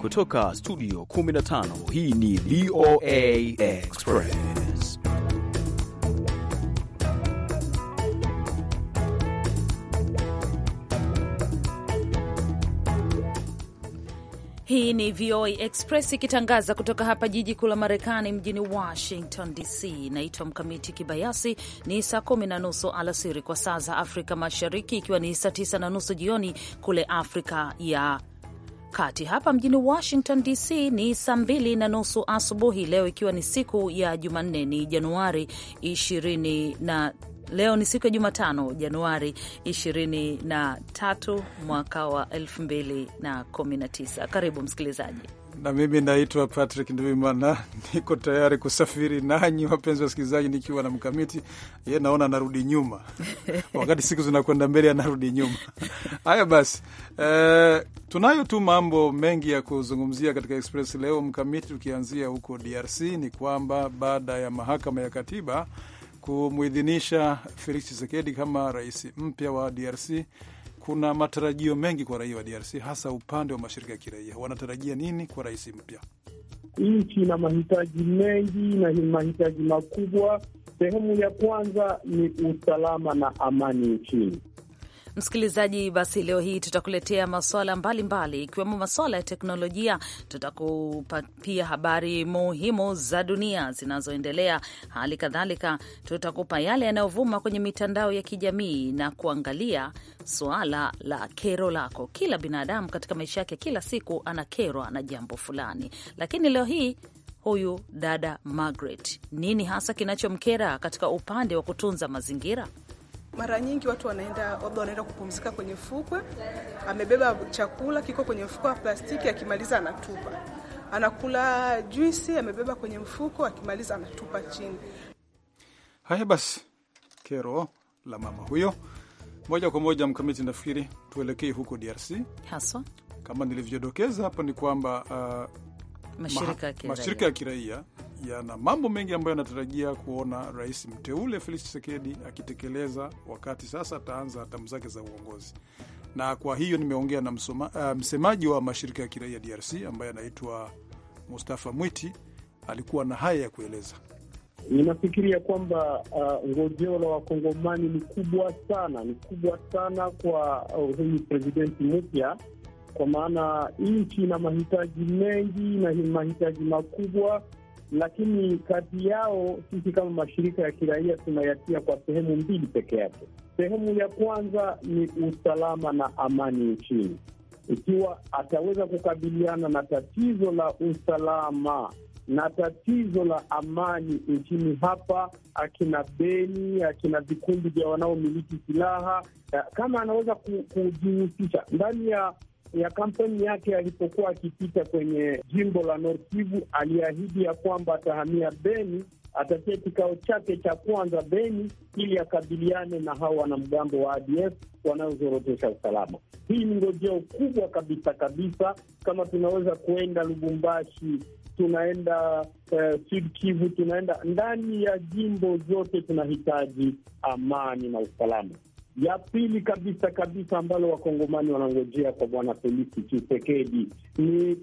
Kutoka studio 15 hii ni VOA Express. Hii ni VOA Express ikitangaza kutoka hapa jiji kuu la Marekani, mjini Washington DC. Naitwa Mkamiti Kibayasi. Ni saa kumi na nusu alasiri kwa saa za Afrika Mashariki, ikiwa ni saa tisa na nusu jioni kule Afrika ya kati hapa mjini Washington DC ni saa mbili na nusu asubuhi, leo ikiwa ni siku ya Jumanne, ni Januari ishirini na leo ni siku ya Jumatano, Januari 23 mwaka wa 2019. Karibu msikilizaji na mimi naitwa Patrick Ndwimana, niko tayari kusafiri nanyi wapenzi wasikilizaji, nikiwa na Mkamiti. Ye naona anarudi nyuma wakati siku zinakwenda mbele, anarudi nyuma. Haya basi, e, tunayo tu mambo mengi ya kuzungumzia katika Express leo Mkamiti, tukianzia huko DRC ni kwamba baada ya mahakama ya katiba kumwidhinisha Felix Tshisekedi kama rais mpya wa DRC kuna matarajio mengi kwa raia wa DRC, hasa upande wa mashirika ya kiraia. Wanatarajia nini kwa rais mpya? Nchi ina mahitaji mengi na mahitaji makubwa. Sehemu ya kwanza ni usalama na amani nchini. Msikilizaji, basi leo hii tutakuletea maswala mbalimbali ikiwemo mbali, maswala ya teknolojia. Tutakupa pia habari muhimu za dunia zinazoendelea, hali kadhalika tutakupa yale yanayovuma kwenye mitandao ya kijamii na kuangalia suala la kero lako. Kila binadamu katika maisha yake kila siku anakerwa na jambo fulani, lakini leo hii huyu dada Margaret, nini hasa kinachomkera katika upande wa kutunza mazingira? Mara nyingi watu wanaenda labda wanaenda kupumzika kwenye fukwe, amebeba chakula kiko kwenye mfuko wa plastiki, akimaliza anatupa. Anakula juisi, amebeba kwenye mfuko, akimaliza anatupa chini. Haya basi, kero la mama huyo. Moja kwa moja, Mkamiti, nafikiri tuelekee huko DRC haswa. Kama nilivyodokeza hapo, ni kwamba uh, mashirika ya kiraia yana mambo mengi ambayo yanatarajia kuona rais mteule Felix Tshisekedi akitekeleza wakati sasa ataanza hatamu zake za uongozi. Na kwa hiyo nimeongea na msoma, uh, msemaji wa mashirika ya kiraia DRC ambaye anaitwa Mustafa Mwiti alikuwa na haya ya kueleza. Ninafikiria kwamba uh, ngojeo la wakongomani ni kubwa sana, ni kubwa sana kwa uh, huyu presidenti mpya, kwa maana nchi ina mahitaji mengi na mahitaji makubwa lakini kazi yao sisi kama mashirika ya kiraia tunayatia kwa sehemu mbili peke yake. Sehemu ya kwanza ni usalama na amani nchini. Ikiwa ataweza kukabiliana na tatizo la usalama na tatizo la amani nchini hapa, akina Beni, akina vikundi vya wanaomiliki silaha, eh, kama anaweza kujihusisha ndani ya ya kampeni yake alipokuwa akipita kwenye jimbo la North Kivu, aliahidi ya kwamba atahamia Beni, atatia kikao chake cha kwanza Beni ili akabiliane na hao wanamgambo wa ADF wanaozorotesha usalama. Hii ni ngojeo kubwa kabisa kabisa. Kama tunaweza kuenda Lubumbashi, tunaenda uh, Sud Kivu, tunaenda ndani ya jimbo zote, tunahitaji amani na usalama ya pili kabisa kabisa ambalo wakongomani wanangojea kwa bwana Felisi Chisekedi ni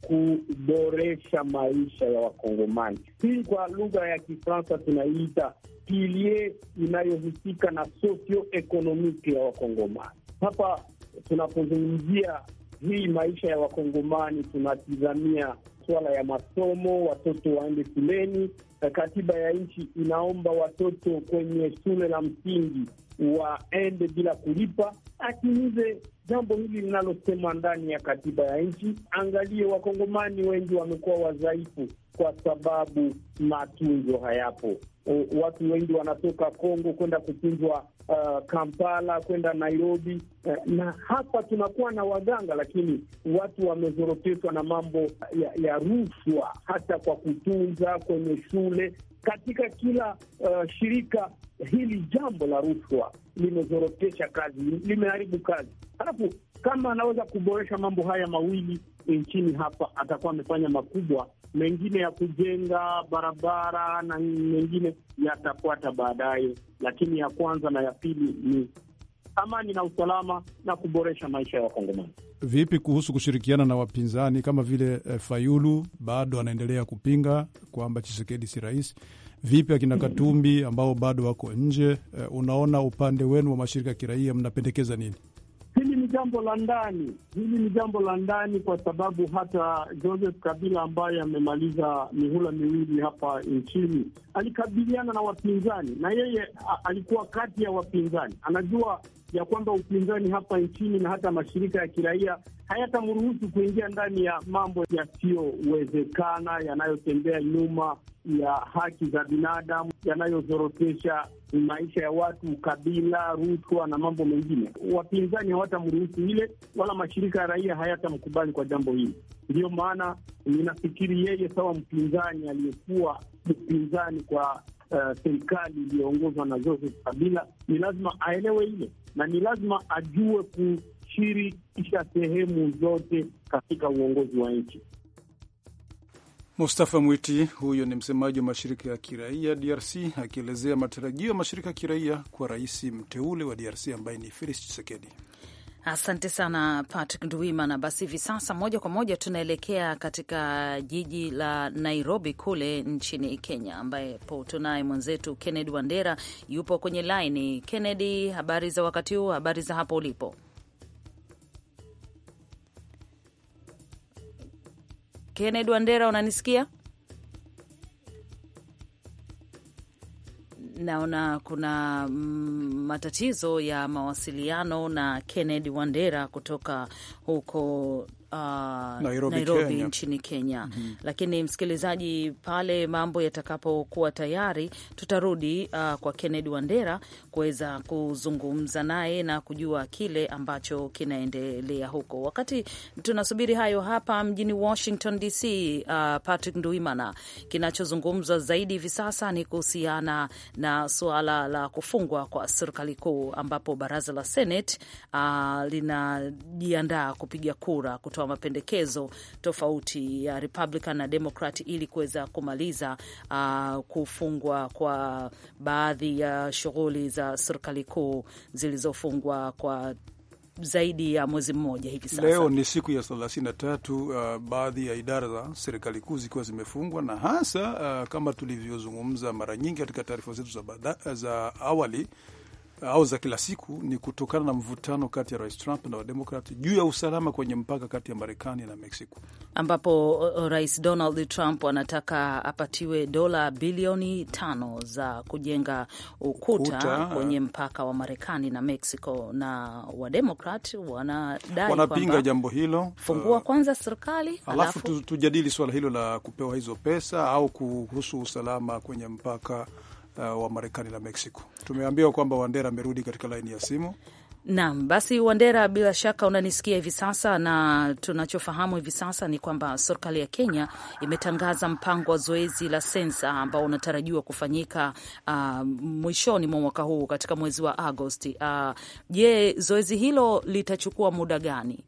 kuboresha maisha ya wakongomani. Hii kwa lugha ya Kifaransa tunaiita pilie inayohusika na socio ekonomiki ya wakongomani. Hapa tunapozungumzia hii maisha ya wakongomani, tunatizamia suala ya masomo, watoto waende shuleni. Katiba ya nchi inaomba watoto kwenye shule la msingi waende bila kulipa, atimize jambo hili linalosemwa ndani ya katiba ya nchi. Angalie, wakongomani wengi wamekuwa wadhaifu kwa sababu matunzo hayapo. O, watu wengi wanatoka Kongo kwenda kutunzwa uh, Kampala kwenda Nairobi, uh, na hapa tunakuwa na waganga, lakini watu wamezoroteshwa na mambo ya, ya rushwa, hata kwa kutunza kwenye shule katika kila uh, shirika. Hili jambo la rushwa limezorotesha kazi, limeharibu kazi. Halafu kama anaweza kuboresha mambo haya mawili nchini hapa, atakuwa amefanya makubwa. Mengine ya kujenga barabara na mengine yatafuata baadaye, lakini ya kwanza na ya pili ni amani na usalama na kuboresha maisha ya Wakongomani. Vipi kuhusu kushirikiana na wapinzani kama vile eh, Fayulu bado anaendelea kupinga kwamba Chisekedi si rais? Vipi akina Katumbi ambao bado wako nje eh, unaona upande wenu wa mashirika ya kiraia mnapendekeza nini? Hili ni jambo la ndani, hili ni jambo la ndani, kwa sababu hata Joseph Kabila ambaye amemaliza mihula miwili hapa nchini alikabiliana na wapinzani, na yeye alikuwa kati ya wapinzani, anajua ya kwamba upinzani hapa nchini na hata mashirika ya kiraia hayatamruhusu kuingia ndani ya mambo yasiyowezekana yanayotembea nyuma ya haki za binadamu yanayozorotesha maisha ya watu, kabila, rushwa na mambo mengine. Wapinzani hawatamruhusu ile, wala mashirika ya raia hayatamkubali kwa jambo hili. Ndiyo maana ninafikiri yeye, sawa mpinzani aliyekuwa mpinzani kwa Eh, serikali uh, iliyoongozwa na Joseph Kabila, ni lazima aelewe hilo na ni lazima ajue kushirikisha sehemu zote katika uongozi wa nchi. Mustafa Mwiti huyo ni msemaji wa mashirika ya kiraia DRC akielezea matarajio ya mashirika ya kiraia kwa rais mteule wa DRC ambaye ni Felix Tshisekedi. Asante sana Patrick Nduwimana. Basi hivi sasa moja kwa moja tunaelekea katika jiji la Nairobi kule nchini Kenya, ambapo tunaye mwenzetu Kennedy Wandera yupo kwenye laini. Kennedy, habari za wakati huu? Habari za hapo ulipo? Kennedy Wandera, unanisikia? naona kuna mm, matatizo ya mawasiliano na Kennedy Wandera kutoka huko uh, Nairobi, Nairobi Kenya, nchini Kenya mm -hmm. Lakini msikilizaji, pale mambo yatakapokuwa tayari tutarudi uh, kwa Kennedy Wandera kuweza kuzungumza naye na kujua kile ambacho kinaendelea huko. Wakati tunasubiri hayo, hapa mjini Washington DC, uh, Patrick Nduimana, kinachozungumzwa zaidi hivi sasa ni kuhusiana na suala la kufungwa kwa serikali kuu ambapo baraza la Senate uh, linajiandaa kupiga kura kutu kutoa mapendekezo tofauti ya Republican na Democrat ili kuweza kumaliza uh, kufungwa kwa baadhi ya shughuli za serikali kuu zilizofungwa kwa zaidi ya mwezi mmoja hivi sasa. Leo ni siku ya 33, uh, baadhi ya idara za serikali kuu zikiwa zimefungwa na hasa uh, kama tulivyozungumza mara nyingi katika taarifa zetu za, za awali au za kila siku ni kutokana na mvutano kati ya Rais Trump na Wademokrati juu ya usalama kwenye mpaka kati ya Marekani na Mexico, ambapo uh, uh, Rais Donald Trump anataka apatiwe dola bilioni tano za kujenga ukuta, Kuta, uh, kwenye mpaka wa Marekani na Mexico, na Wademokrat wanadai wanapinga jambo hilo. Fungua kwanza serikali alafu tujadili swala hilo la kupewa hizo pesa au kuhusu usalama kwenye mpaka uh, wa Marekani na Mexico. Tumeambiwa kwamba Wandera amerudi katika laini ya simu. Naam, basi Wandera, bila shaka unanisikia hivi sasa, na tunachofahamu hivi sasa ni kwamba serikali ya Kenya imetangaza mpango wa zoezi la sensa ambao unatarajiwa kufanyika uh, mwishoni mwa mwaka huu katika mwezi wa Agosti. Uh, je, uh, zoezi hilo litachukua muda gani?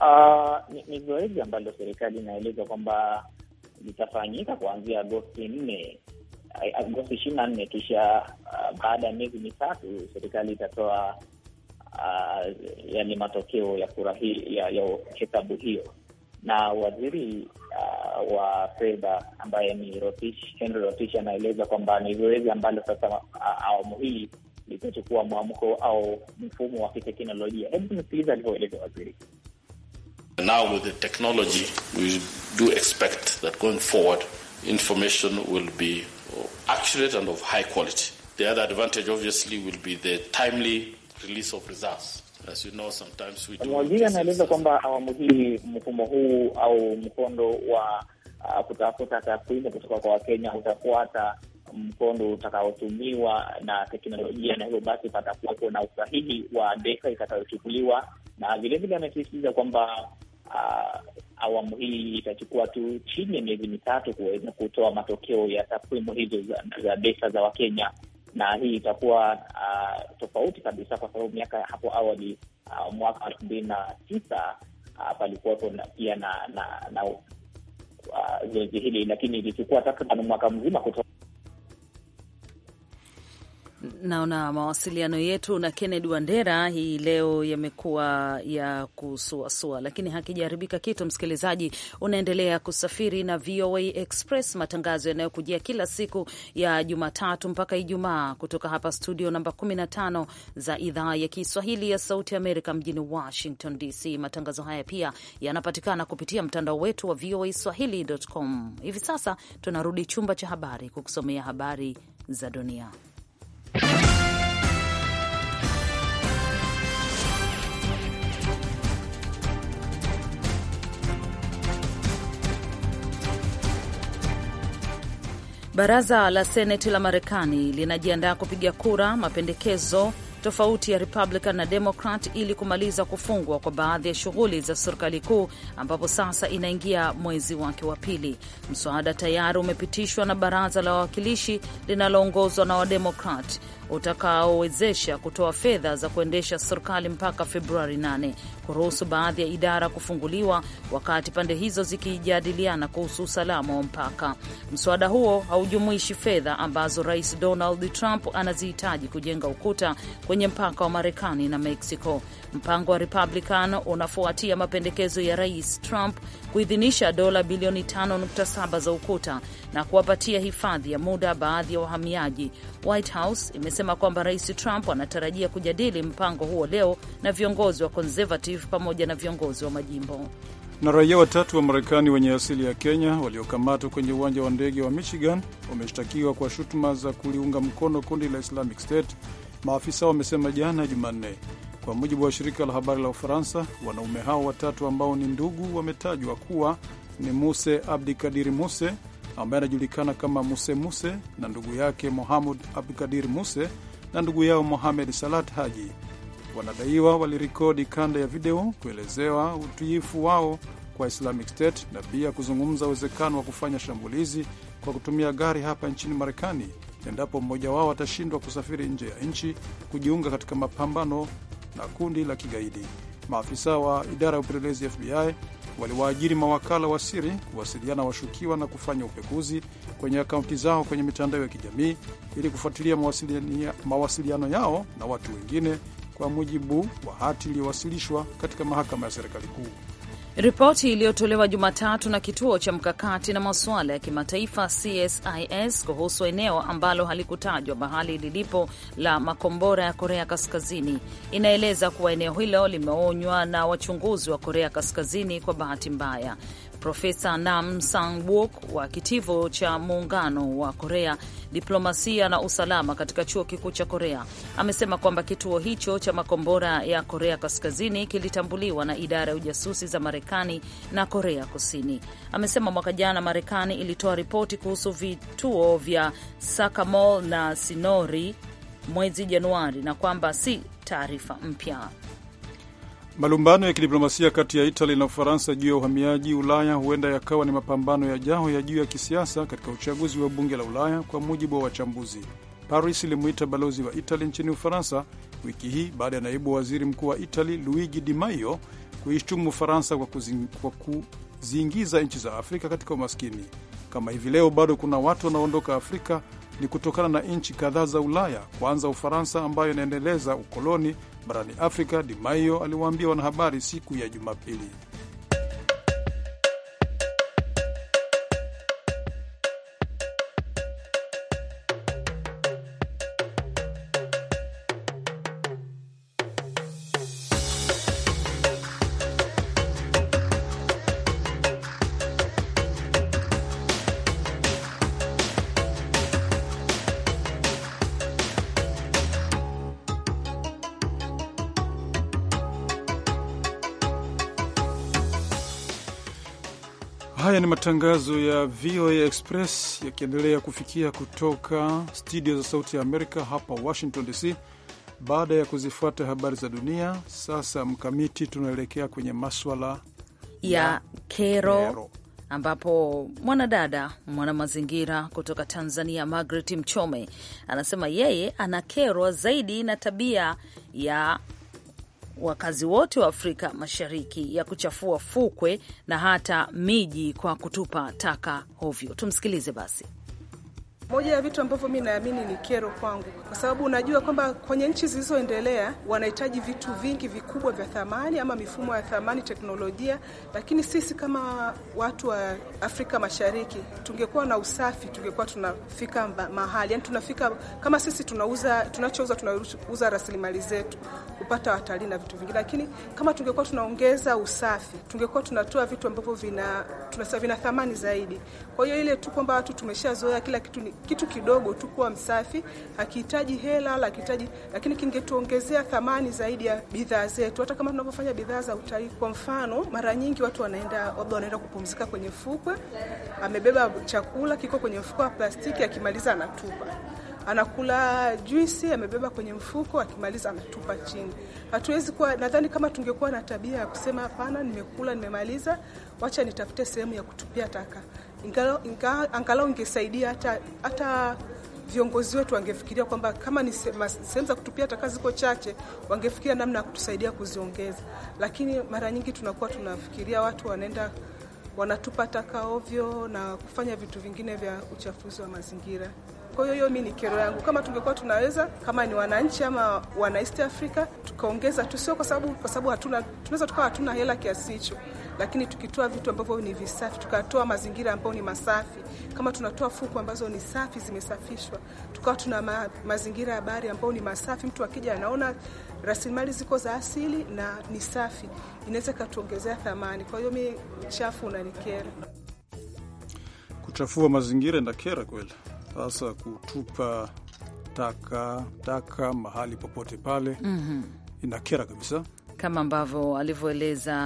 Uh, ni, ni zoezi ambalo serikali inaeleza kwamba litafanyika kuanzia Agosti nne Agosti ishirini na nne. Kisha uh, baada ya miezi mitatu serikali itatoa uh, yani matokeo ya kura hii ya, ya hesabu hiyo, na waziri uh, wa fedha ambaye ni Rotich, Henry anaeleza kwamba ni zoezi ambalo sasa uh, awamu hii litachukua mwamko au mfumo wa kiteknolojia. Hebu tumesikiliza alivyoeleza waziri. Now with the technology we do expect that going forward information will be uh, accurate and of high quality. The other advantage obviously will be the timely release of results. As you know, sometimes we do. Mwajiri anaeleza kwamba awamu hii mfumo huu au mkondo wa uh, kutafuta takwimu kutoka kwa Wakenya utafuata mkondo utakaotumiwa na teknolojia, na hivyo basi patakuwepo na usahihi wa data itakayochukuliwa na vilevile amesisitiza kwamba uh, awamu hii itachukua tu chini ya miezi mitatu kuweza kutoa matokeo ya takwimu hizo za, za besa za Wakenya na hii itakuwa uh, tofauti kabisa kwa sababu miaka ya hapo awali uh, mwaka elfu mbili na tisa uh, palikuwapo pia na, na, na uh, zoezi hili, lakini ilichukua takriban mwaka mzima kutoa Naona mawasiliano yetu na Kennedy Wandera hii leo yamekuwa ya kusuasua, lakini hakijaharibika kitu. Msikilizaji, unaendelea kusafiri na VOA Express, matangazo yanayokujia kila siku ya Jumatatu mpaka Ijumaa kutoka hapa studio namba 15 za idhaa ya Kiswahili ya Sauti Amerika mjini Washington DC. Matangazo haya pia yanapatikana kupitia mtandao wetu wa VOA swahili.com. Hivi sasa tunarudi chumba cha habari kukusomea habari za dunia. Baraza la Seneti la Marekani linajiandaa kupiga kura mapendekezo tofauti ya Republican na Democrat ili kumaliza kufungwa kwa baadhi ya shughuli za serikali kuu ambapo sasa inaingia mwezi wake wa pili. Mswada tayari umepitishwa na baraza la wawakilishi linaloongozwa na Wademokrat utakaowezesha kutoa fedha za kuendesha serikali mpaka Februari 8, kuruhusu baadhi ya idara kufunguliwa wakati pande hizo zikijadiliana kuhusu usalama wa mpaka. Mswada huo haujumuishi fedha ambazo Rais Donald Trump anazihitaji kujenga ukuta kwenye mpaka wa Marekani na Mexico. Mpango wa Republican unafuatia mapendekezo ya Rais Trump kuidhinisha dola bilioni 5.7 za ukuta na kuwapatia hifadhi ya muda baadhi ya wahamiaji. White House ime amesema kwamba Rais Trump anatarajia kujadili mpango huo leo na viongozi wa Conservative pamoja na viongozi wa majimbo. Na raia watatu wa Marekani wenye asili ya Kenya waliokamatwa kwenye uwanja wa ndege wa Michigan wameshtakiwa kwa shutuma za kuliunga mkono kundi la Islamic State, maafisa wamesema jana Jumanne. Kwa mujibu wa shirika la habari la Ufaransa, wanaume hao watatu ambao ni ndugu wametajwa kuwa ni Muse Abdi Kadiri Muse ambaye anajulikana kama Muse Muse na ndugu yake Mohamud Abdukadir Muse na ndugu yao Mohamed Salat Haji wanadaiwa walirekodi kanda ya video kuelezewa utiifu wao kwa Islamic State na pia kuzungumza uwezekano wa kufanya shambulizi kwa kutumia gari hapa nchini Marekani endapo mmoja wao atashindwa kusafiri nje ya nchi kujiunga katika mapambano na kundi la kigaidi. Maafisa wa idara ya upelelezi FBI waliwaajiri mawakala wa siri kuwasiliana washukiwa na kufanya upekuzi kwenye akaunti zao kwenye mitandao ya kijamii ili kufuatilia mawasiliano yao na watu wengine, kwa mujibu wa hati iliyowasilishwa katika mahakama ya serikali kuu. Ripoti iliyotolewa Jumatatu na kituo cha mkakati na masuala ya kimataifa CSIS kuhusu eneo ambalo halikutajwa mahali lilipo la makombora ya Korea Kaskazini inaeleza kuwa eneo hilo limeonywa na wachunguzi wa Korea Kaskazini kwa bahati mbaya. Profesa Nam Sang-wook wa kitivo cha muungano wa Korea diplomasia na usalama katika chuo kikuu cha Korea amesema kwamba kituo hicho cha makombora ya Korea Kaskazini kilitambuliwa na idara ya ujasusi za Marekani na Korea Kusini. Amesema mwaka jana Marekani ilitoa ripoti kuhusu vituo vya Sakamol na Sinori mwezi Januari na kwamba si taarifa mpya. Malumbano ya kidiplomasia kati ya Italy na Ufaransa juu ya uhamiaji Ulaya huenda yakawa ni mapambano ya ya juu ya kisiasa katika uchaguzi wa bunge la Ulaya, kwa mujibu wa wachambuzi. Paris ilimuita balozi wa Italy nchini Ufaransa wiki hii baada ya naibu waziri mkuu wa Italy Luigi Di Maio kuishtumu Ufaransa kwa, kwa kuziingiza nchi za Afrika katika umaskini. Kama hivi leo bado kuna watu wanaoondoka Afrika, ni kutokana na nchi kadhaa za Ulaya, kwanza Ufaransa ambayo inaendeleza ukoloni barani Afrika, Di Maio aliwaambia wanahabari siku ya Jumapili. Haya ni matangazo ya VOA Express yakiendelea kufikia kutoka studio za Sauti ya Amerika hapa Washington DC. Baada ya kuzifuata habari za dunia, sasa Mkamiti, tunaelekea kwenye maswala ya, ya kero, kero ambapo mwanadada mwanamazingira kutoka Tanzania Margaret Mchome anasema yeye ana zaidi na tabia ya wakazi wote wa Afrika Mashariki ya kuchafua fukwe na hata miji kwa kutupa taka hovyo. Tumsikilize basi. Moja ya vitu ambavyo mi naamini ni kero kwangu, kwa sababu unajua kwamba kwenye nchi zilizoendelea wanahitaji vitu vingi vikubwa vya thamani ama mifumo ya thamani, teknolojia, lakini sisi kama watu wa Afrika Mashariki tungekuwa na usafi, tungekuwa tunafika mahali yani, tunafika kama sisi tunauza, tunachouza tunauza rasilimali zetu kupata watalii na vitu vingine, lakini kama tungekuwa tunaongeza usafi, tungekuwa tunatoa vitu ambavyo vina, tunasema vina thamani zaidi. Kwa hiyo ile tu kwamba watu tumeshazoea kila kitu ni kitu kidogo tu kuwa msafi, hakihitaji hela wala hakihitaji, lakini kingetuongezea thamani zaidi ya bidhaa zetu. Hata kama tunavyofanya bidhaa za utalii, kwa mfano, mara nyingi watu wanaenda labda wanaenda kupumzika kwenye fukwe, amebeba chakula kiko kwenye mfuko wa plastiki, akimaliza anatupa anakula juisi amebeba kwenye mfuko, akimaliza anatupa chini. Hatuwezi kuwa, nadhani kama tungekuwa na tabia ya kusema hapana, nimekula, nimemaliza, wacha nitafute sehemu ya kutupia taka, angalau ingesaidia hata, hata viongozi wetu wangefikiria kwamba kama ni sehemu za kutupia taka ziko chache, wangefikiria namna ya kutusaidia kuziongeza. Lakini mara nyingi tunakuwa tunafikiria watu wanaenda wanatupa taka ovyo na kufanya vitu vingine vya uchafuzi wa mazingira. Kwa hiyo hiyo, mi ni kero yangu. Kama tungekuwa tunaweza, kama ni wananchi ama wana East Africa, tukaongeza tu, sio kwa sababu kwa sababu hatuna tunaweza tukawa hatuna hela kiasi hicho lakini tukitoa vitu ambavyo ni visafi, tukatoa mazingira ambayo ni masafi, kama tunatoa fuku ambazo ni safi, zimesafishwa, tukawa tuna ma, mazingira ya bahari ambayo ni masafi, mtu akija anaona rasilimali ziko za asili na ni safi, inaweza ikatuongezea thamani. Kwa hiyo mi uchafu unanikera, kuchafua mazingira ndakera kweli. Sasa kutupa taka taka mahali popote pale, mm -hmm. inakera kabisa kama ambavyo alivyoeleza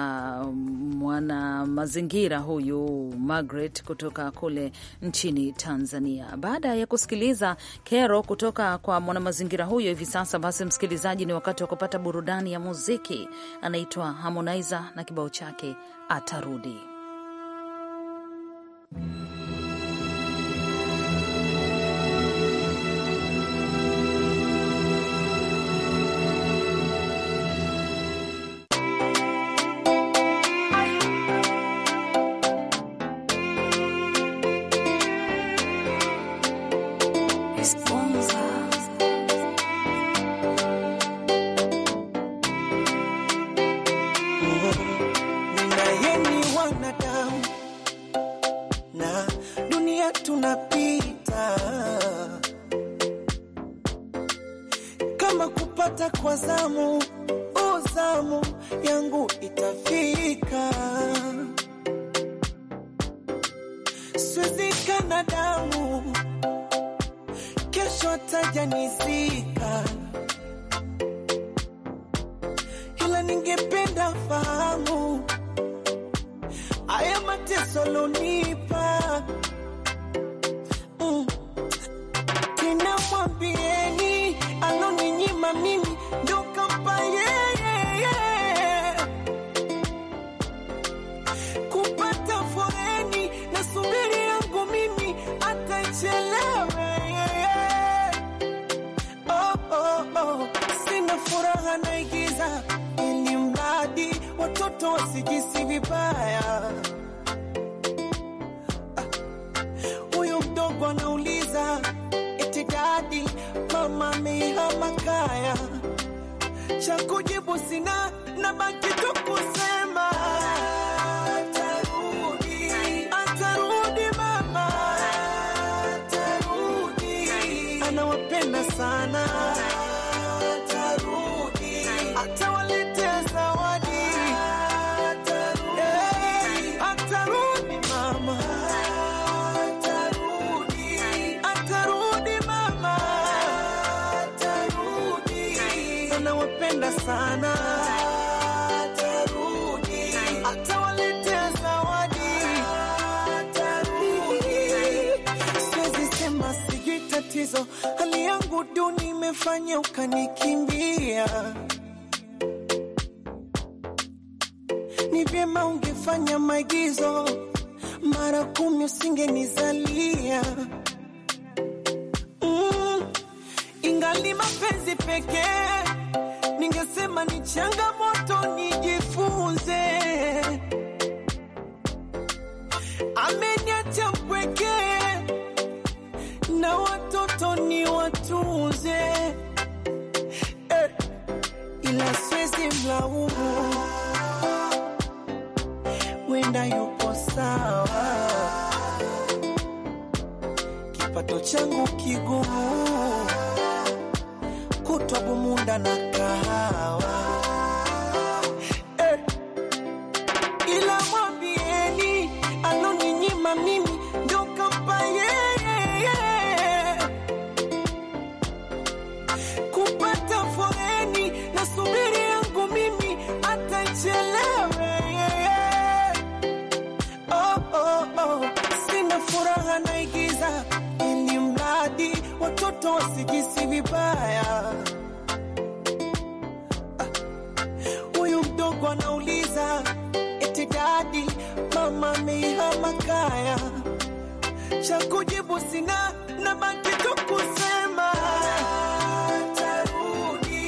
um, mwana mazingira huyu Margaret kutoka kule nchini Tanzania. Baada ya kusikiliza kero kutoka kwa mwanamazingira huyo, hivi sasa basi, msikilizaji, ni wakati wa kupata burudani ya muziki. Anaitwa Harmonizer na kibao chake Atarudi. siwezika na damu, kesho atajanizika, ila ningependa fahamu haya mateso lonipa moto, sijisi vibaya. Ah, huyu mdogo anauliza eti dadi, mama amehama kaya, cha kujibu sina na baki yangu duni imefanya ukanikimbia. Ni vyema ungefanya maigizo mara kumi, usingenizalia mm. Ingali mapenzi pekee, ningesema ni changamoto nijifunze kulaumu wenda yupo sawa, kipato changu kigumu kutwa bumunda na kahawa watoto wasijisi vibaya. Huyu mdogo anauliza eti dadi, mama amehama kaya? Cha kujibu sina, na baki tu kusema atarudi,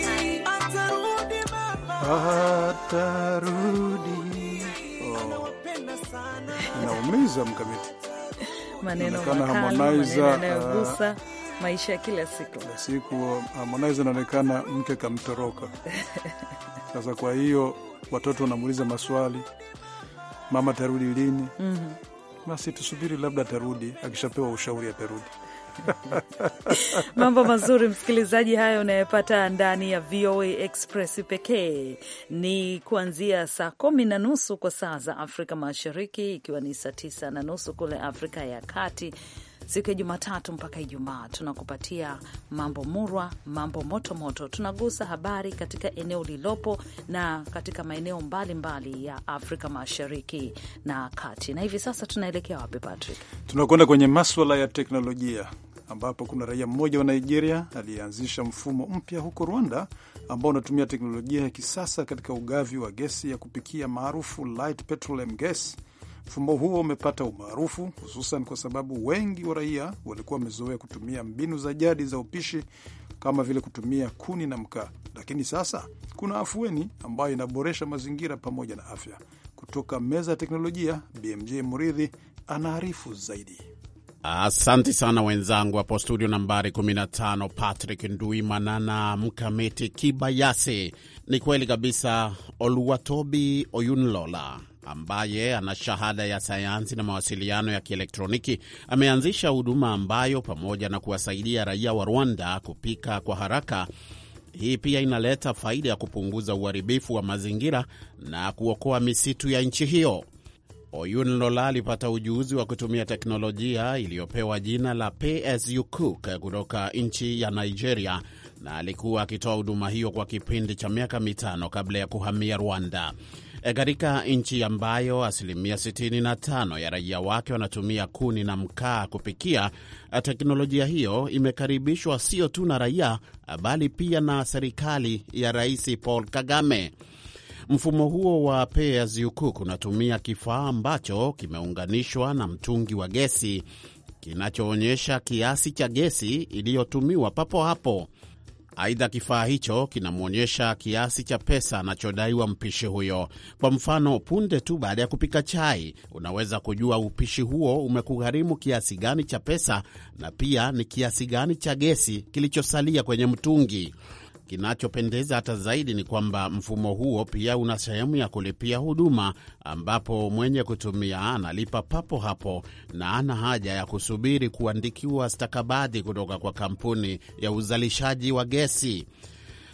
atarudi mama, atarudi. Oh. naumiza mkamiti maneno makali, uh, maisha ya kila siku kila siku. Uh, Harmonize anaonekana mke kamtoroka sasa. Kwa hiyo watoto wanamuuliza maswali, mama tarudi lini? mm -hmm. Basi tusubiri, labda atarudi, akishapewa ushauri atarudi. Mambo mazuri, msikilizaji, hayo unayepata ndani ya VOA Express pekee ni kuanzia saa kumi na nusu kwa saa za Afrika Mashariki, ikiwa ni saa tisa na nusu kule Afrika ya Kati, siku ya Jumatatu mpaka Ijumaa tunakupatia mambo murwa, mambo motomoto. Tunagusa habari katika eneo lilopo na katika maeneo mbalimbali ya Afrika Mashariki na Kati. Na hivi sasa tunaelekea wapi, Patrick? Tunakwenda kwenye maswala ya teknolojia ambapo kuna raia mmoja wa Nigeria aliyeanzisha mfumo mpya huko Rwanda ambao unatumia teknolojia ya kisasa katika ugavi wa gesi ya kupikia maarufu light petroleum gas Mfumo huo umepata umaarufu hususan kwa sababu wengi wa raia walikuwa wamezoea kutumia mbinu za jadi za upishi kama vile kutumia kuni na mkaa, lakini sasa kuna afueni ambayo inaboresha mazingira pamoja na afya. Kutoka meza ya teknolojia, BMJ Muridhi anaarifu zaidi. Asante sana wenzangu hapo studio nambari 15, Patrick Nduimana na Mkamiti Kibayasi. Ni kweli kabisa, Oluwatobi Oyunlola ambaye ana shahada ya sayansi na mawasiliano ya kielektroniki ameanzisha huduma ambayo pamoja na kuwasaidia raia wa Rwanda kupika kwa haraka, hii pia inaleta faida ya kupunguza uharibifu wa mazingira na kuokoa misitu ya nchi hiyo. Oyunlola alipata ujuzi wa kutumia teknolojia iliyopewa jina la PSU cook kutoka nchi ya Nigeria na alikuwa akitoa huduma hiyo kwa kipindi cha miaka mitano kabla ya kuhamia Rwanda. E, katika nchi ambayo asilimia 65 ya raia wake wanatumia kuni na mkaa kupikia, e, teknolojia hiyo imekaribishwa sio tu na raia, bali pia na serikali ya Rais Paul Kagame. Mfumo huo wa you cook unatumia kifaa ambacho kimeunganishwa na mtungi wa gesi kinachoonyesha kiasi cha gesi iliyotumiwa papo hapo. Aidha, kifaa hicho kinamwonyesha kiasi cha pesa anachodaiwa mpishi huyo. Kwa mfano, punde tu baada ya kupika chai, unaweza kujua upishi huo umekugharimu kiasi gani cha pesa na pia ni kiasi gani cha gesi kilichosalia kwenye mtungi. Kinachopendeza hata zaidi ni kwamba mfumo huo pia una sehemu ya kulipia huduma ambapo mwenye kutumia analipa papo hapo na ana haja ya kusubiri kuandikiwa stakabadhi kutoka kwa kampuni ya uzalishaji wa gesi.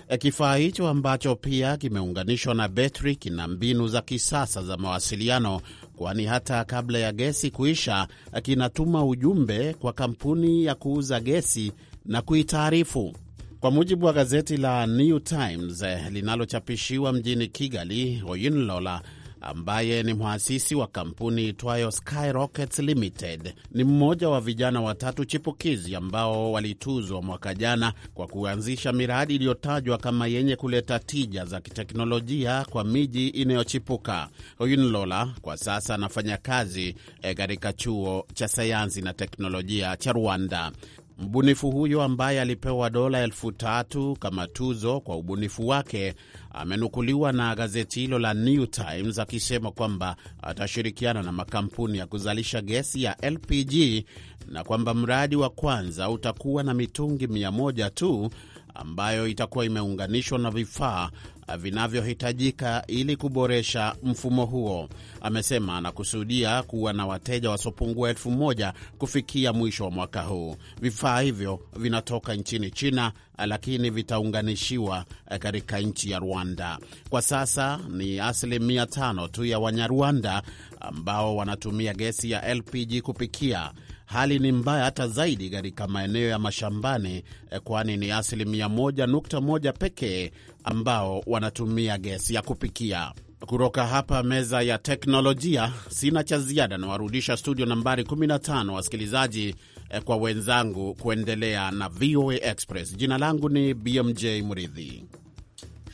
E, kifaa hicho ambacho pia kimeunganishwa na betri kina mbinu za kisasa za mawasiliano, kwani hata kabla ya gesi kuisha kinatuma ujumbe kwa kampuni ya kuuza gesi na kuitaarifu. Kwa mujibu wa gazeti la New Times eh, linalochapishiwa mjini Kigali, Oyinlola ambaye ni mwasisi wa kampuni itwayo Skyrockets Limited ni mmoja wa vijana watatu chipukizi ambao walituzwa mwaka jana kwa kuanzisha miradi iliyotajwa kama yenye kuleta tija za kiteknolojia kwa miji inayochipuka. Oyinlola kwa sasa anafanya kazi eh, katika chuo cha sayansi na teknolojia cha Rwanda. Mbunifu huyo ambaye alipewa dola elfu tatu kama tuzo kwa ubunifu wake amenukuliwa na gazeti hilo la New Times akisema kwamba atashirikiana na makampuni ya kuzalisha gesi ya LPG na kwamba mradi wa kwanza utakuwa na mitungi mia moja tu ambayo itakuwa imeunganishwa na vifaa vinavyohitajika ili kuboresha mfumo huo. Amesema anakusudia kuwa na wateja wasiopungua elfu moja kufikia mwisho wa mwaka huu. Vifaa hivyo vinatoka nchini China, lakini vitaunganishiwa eh, katika nchi ya Rwanda. Kwa sasa ni asilimia tano tu ya Wanyarwanda ambao wanatumia gesi ya LPG kupikia Hali ni mbaya hata zaidi katika maeneo ya mashambani, eh, kwani ni asilimia moja nukta moja pekee ambao wanatumia gesi ya kupikia. Kutoka hapa meza ya teknolojia, sina cha ziada, nawarudisha studio nambari 15 wasikilizaji, eh, kwa wenzangu kuendelea na VOA Express. Jina langu ni BMJ Muridhi.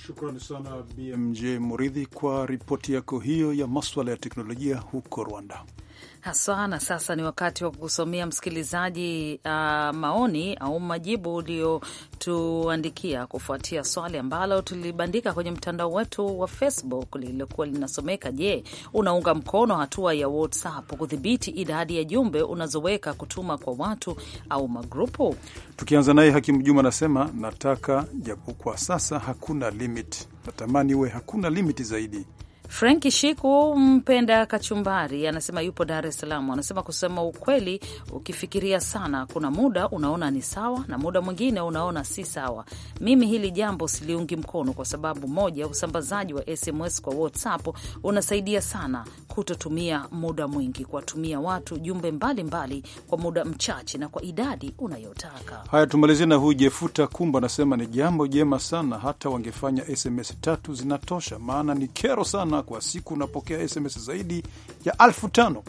Shukrani sana BMJ Muridhi kwa ripoti yako hiyo ya maswala ya teknolojia huko Rwanda haswa. Na sasa ni wakati wa kusomea msikilizaji, uh, maoni au majibu uliotuandikia kufuatia swali ambalo tulibandika kwenye mtandao wetu wa Facebook lililokuwa linasomeka: Je, unaunga mkono hatua ya WhatsApp kudhibiti idadi ya jumbe unazoweka kutuma kwa watu au magrupu? Tukianza naye Hakimu Juma anasema nataka, japo kwa sasa hakuna limit, natamani iwe hakuna limiti zaidi Franki Shiku mpenda kachumbari anasema yupo Dar es Salaam. Anasema kusema ukweli, ukifikiria sana, kuna muda unaona ni sawa na muda mwingine unaona si sawa. Mimi hili jambo siliungi mkono kwa sababu moja, usambazaji wa SMS kwa WhatsApp unasaidia sana kutotumia muda mwingi kuwatumia watu jumbe mbalimbali kwa muda mchache na kwa idadi unayotaka. Haya, tumalizie na huyu Jefuta Kumba anasema ni jambo jema sana, hata wangefanya SMS tatu zinatosha, maana ni kero sana kwa siku unapokea SMS zaidi ya elfu tano.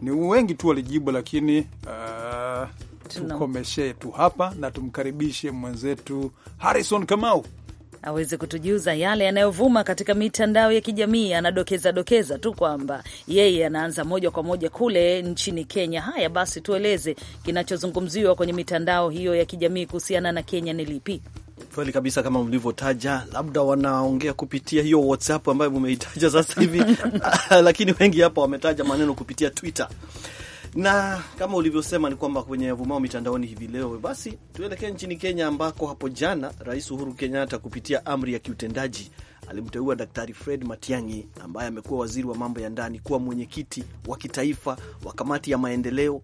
Ni wengi tu walijibu, lakini uh, tukomeshee tu hapa na tumkaribishe mwenzetu Harrison Kamau aweze kutujuza yale yanayovuma katika mitandao ya kijamii. Anadokeza dokeza tu kwamba yeye anaanza moja kwa moja kule nchini Kenya. Haya basi, tueleze kinachozungumziwa kwenye mitandao hiyo ya kijamii kuhusiana na Kenya ni lipi? Kweli kabisa, kama mlivyotaja, labda wanaongea kupitia hiyo WhatsApp ambayo mumeitaja sasa hivi lakini wengi hapa wametaja maneno kupitia Twitter na kama ulivyosema ni kwamba kwenye vumao mitandaoni hivi leo. Basi tuelekee nchini Kenya, ambako hapo jana Rais Uhuru Kenyatta kupitia amri ya kiutendaji alimteua Daktari Fred Matiang'i ambaye amekuwa waziri wa mambo ya ndani kuwa mwenyekiti wa kitaifa wa kamati ya maendeleo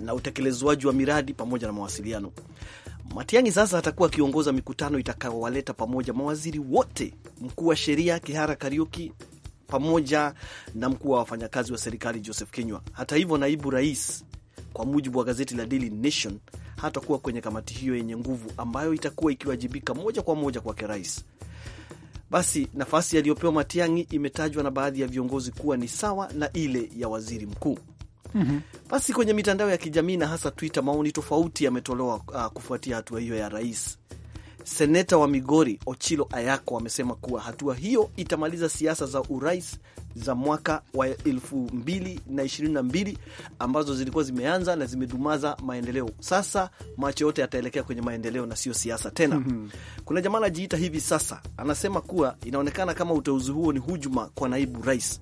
na utekelezwaji wa miradi pamoja na mawasiliano. Matiang'i sasa atakuwa akiongoza mikutano itakaowaleta pamoja mawaziri wote, mkuu wa sheria Kihara Kariuki pamoja na mkuu wa wafanyakazi wa serikali Joseph Kinywa. Hata hivyo, naibu rais, kwa mujibu wa gazeti la Daily Nation, hatakuwa kwenye kamati hiyo yenye nguvu ambayo itakuwa ikiwajibika moja kwa moja kwake rais. Basi nafasi aliyopewa Matiang'i imetajwa na baadhi ya viongozi kuwa ni sawa na ile ya waziri mkuu mm -hmm. Basi kwenye mitandao ya kijamii na hasa Twitter, maoni tofauti yametolewa uh, kufuatia hatua hiyo ya rais. Seneta wa Migori Ochilo Ayako amesema kuwa hatua hiyo itamaliza siasa za urais za mwaka wa 2022 ambazo zilikuwa zimeanza na zimedumaza maendeleo. Sasa macho yote yataelekea kwenye maendeleo na sio siasa tena. mm -hmm. Kuna jamaa anajiita hivi sasa, anasema kuwa inaonekana kama uteuzi huo ni hujuma kwa naibu rais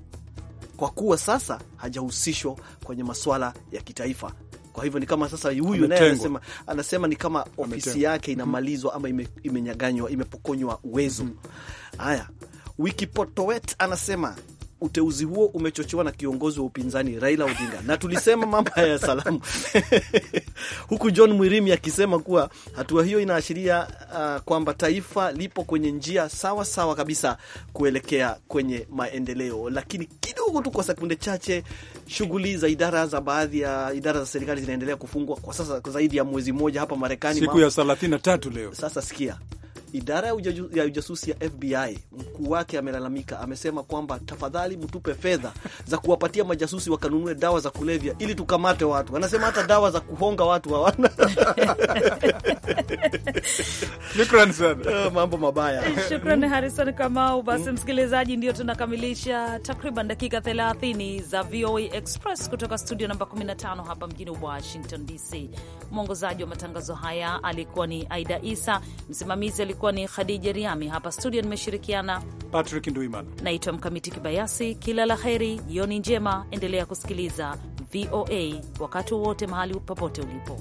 kwa kuwa sasa hajahusishwa kwenye masuala ya kitaifa. Kwa hivyo ni kama sasa huyu naye anasema, anasema ni kama ofisi yake inamalizwa ama ime, imenyaganywa imepokonywa uwezo. Mm-hmm. Haya, Wikipotowet anasema uteuzi huo umechochewa na kiongozi wa upinzani Raila Odinga, na tulisema mambo haya ya salamu huku John Mwirimi akisema kuwa hatua hiyo inaashiria uh, kwamba taifa lipo kwenye njia sawa sawa kabisa kuelekea kwenye maendeleo. Lakini kidogo tu, kwa sekunde chache, shughuli za idara za baadhi ya idara za serikali zinaendelea kufungwa kwa sasa zaidi ya mwezi mmoja hapa Marekani, siku ya 33 leo. Sasa sikia Idara ya ujasusi ya FBI mkuu wake amelalamika, amesema kwamba tafadhali mtupe fedha za kuwapatia majasusi wakanunue dawa za kulevya ili tukamate watu. Anasema hata dawa za kuhonga watu hawana. Shukran sana, eh, mambo mabaya. Shukran mm-hmm. Harrison Kamau. Basi mm-hmm. msikilizaji, ndio tunakamilisha takriban dakika 30 za VOA Express kutoka studio namba 15 hapa mjini Washington DC. Mwongozaji wa matangazo haya alikuwa ni Aida Isa, msimamizi Nilikuwa ni Khadija Riami, hapa studio nimeshirikiana Patrick Nduiman, naitwa Mkamiti Kibayasi. Kila la heri, jioni njema. Endelea kusikiliza VOA wakati wowote, mahali popote ulipo.